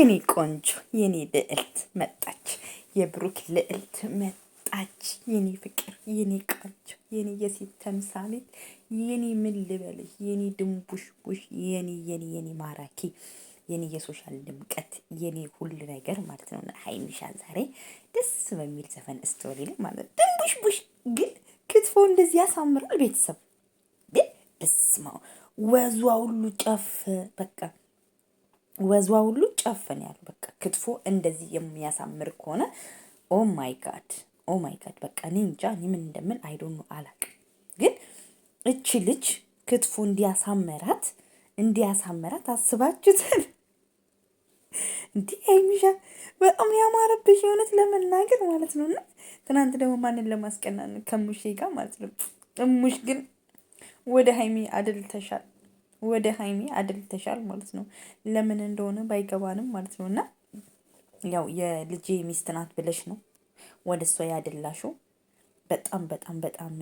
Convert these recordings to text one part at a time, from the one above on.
የኔ ቆንጆ የኔ ልዕልት መጣች። የብሩክ ልዕልት መጣች። የኔ ፍቅር፣ የኔ ቆንጆ፣ የኔ የሴት ተምሳሌት፣ የኔ ምን ልበልህ፣ የኔ ድንቡሽቡሽ፣ የኔ የኔ የኔ ማራኪ፣ የኔ የሶሻል ድምቀት፣ የኔ ሁሉ ነገር ማለት ነው። ሀይሚሻ ዛሬ ደስ በሚል ዘፈን ስቶሪ ላይ ማለት ነው። ድንቡሽቡሽ ግን ክትፎ እንደዚህ ያሳምራል። ቤተሰብ ግን ደስ ወዟ ሁሉ ጨፍ በቃ ወዝዋ ሁሉ ጨፈን ያሉ በቃ ክትፎ እንደዚህ የሚያሳምር ከሆነ ኦ ማይ ጋድ ኦ ማይ ጋድ በቃ እኔ እንጃ እኔ ምን እንደምል አይዶን አላቅም። ግን እቺ ልጅ ክትፎ እንዲያሳመራት እንዲያሳመራት አስባችሁትን እንዲህ አይሚሻ በጣም ያማረብሽ የሆነት ለመናገር ማለት ነው። እና ትናንት ደግሞ ማንን ለማስቀናን ከሙሼ ጋር ማለት ነው። እሙሽ ግን ወደ ሀይሚ አድልተሻል። ወደ ሀይሚ አድልተሻል ማለት ነው። ለምን እንደሆነ ባይገባንም ማለት ነው። እና ያው የልጄ ሚስት ናት ብለሽ ነው ወደ እሷ ያደላሽው። በጣም በጣም በጣም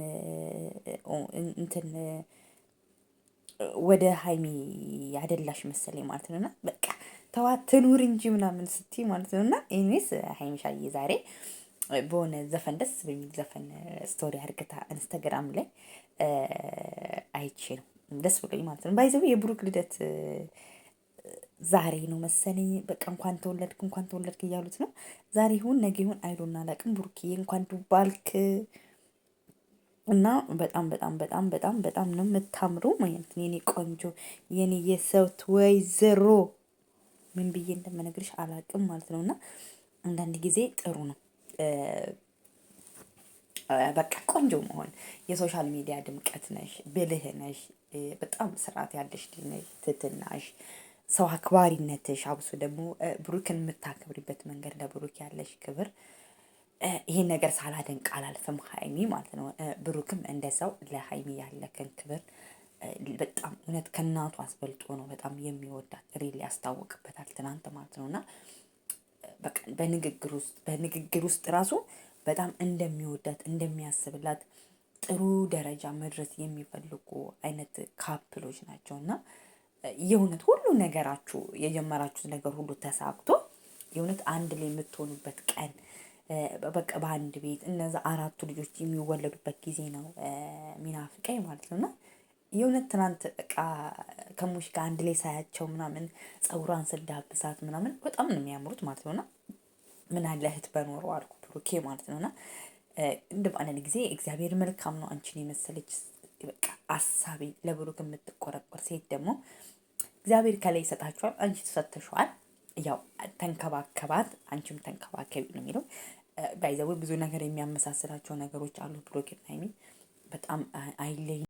እንትን ወደ ሀይሚ ያደላሽ መሰለኝ ማለት ነው። እና በቃ ተዋት ትኑር እንጂ ምናምን ስትይ ማለት ነው። እና ኤኒዌይስ ሀይሚሻዬ ዛሬ በሆነ ዘፈን ደስ በሚል ዘፈን ስቶሪ አርግታ ኢንስታግራም ላይ አይቼ ነው ደስ ብሎኝ ማለት ነው። ባይዘው የብሩክ ልደት ዛሬ ነው መሰለኝ። በቃ እንኳን ተወለድክ እንኳን ተወለድክ እያሉት ነው። ዛሬ ይሁን ነገ ይሁን አይሉና አላውቅም። ብሩክዬ እንኳን ዱባልክ እና በጣም በጣም በጣም በጣም በጣም ነው የምታምሩ ማለት ነው። የኔ ቆንጆ የኔ የሰውት ወይዘሮ ምን ብዬ እንደምነግርሽ አላውቅም ማለት ነው። እና አንዳንድ ጊዜ ጥሩ ነው በቃ ቆንጆ መሆን የሶሻል ሚዲያ ድምቀት ነሽ፣ ብልህ ነሽ፣ በጣም ስርዓት ያለሽ ልጅ፣ ትትናሽ፣ ሰው አክባሪነትሽ አብሶ ደግሞ ብሩክን የምታከብሪበት መንገድ ለብሩክ ያለሽ ክብር ይሄን ነገር ሳላደንቅ አላልፍም ሀይሚ ማለት ነው። ብሩክም እንደ ሰው ለሀይሚ ያለክን ክብር በጣም እውነት ከእናቱ አስበልጦ ነው በጣም የሚወዳት ሪል ያስታወቅበታል ትናንት ማለት ነው እና በንግግር ውስጥ በንግግር ውስጥ ራሱ በጣም እንደሚወዳት እንደሚያስብላት ጥሩ ደረጃ መድረስ የሚፈልጉ አይነት ካፕሎች ናቸው እና የእውነት ሁሉ ነገራችሁ የጀመራችሁት ነገር ሁሉ ተሳክቶ የእውነት አንድ ላይ የምትሆኑበት ቀን በቃ በአንድ ቤት እነዛ አራቱ ልጆች የሚወለዱበት ጊዜ ነው ሚናፍቀኝ ማለት ነው። እና የእውነት ትናንት በቃ ከሙሽ ጋር አንድ ላይ ሳያቸው ምናምን ፀጉሯን ስዳብሳት ምናምን በጣም ነው የሚያምሩት ማለት ነው። እና ምን አለ እህት በኖረው አልኩ ብሩኬ ማለት ነው እና እንደ አንዳንድ ጊዜ እግዚአብሔር መልካም ነው። አንቺን የመሰለች በቃ አሳቢ ለብሩክ የምትቆረቆር ሴት ደግሞ እግዚአብሔር ከላይ ይሰጣችኋል። አንቺ ተሰጥተሸዋል። ያው ተንከባከባት፣ አንቺም ተንከባከቢ ነው የሚለው ባይዘዌ ብዙ ነገር የሚያመሳስላቸው ነገሮች አሉ ብሩክና ሀይሚ በጣም አይለይ